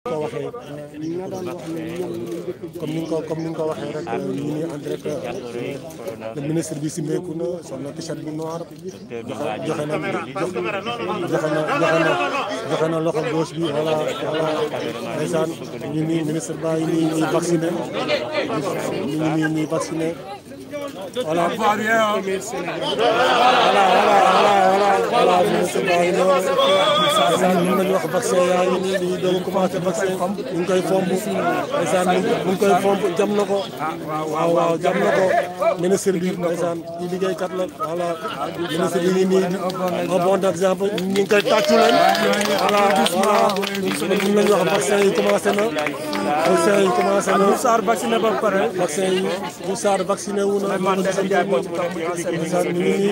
ko waxee comme ni nga ko comme ni nga ko waxee rek ah. ñu ngi en direct euh, le ministre bi si mbéyku na sol na t-shirt bu noir joxe na joxe na joxe na loxo gauche bi voilà voilà ndeysaan ñu ni ministre baa ngi nii ñuy vacciné ñu ngi nii ñuy vacciné voilà voilà voilà voilà ministre baa ngi noonu ndeysaan ñu ngi leen wax vaccin yaa ngi nii dañuy doon commencé vaccin ñu ngi koy fomb ndeysaan ñu ngi koy fomb jam na ko waaw waaw jam na ko ministre bi ndeysaan ñu liggéeykat la voilà ministre bi ñu nii un bon exemple ñu ngi koy tàccu leen voilà voilà ñu leen wax vaccin yi commencé na vaccin yi commencé na Sarr vacciné ba pare vaccin yi Sarr vacciné wu na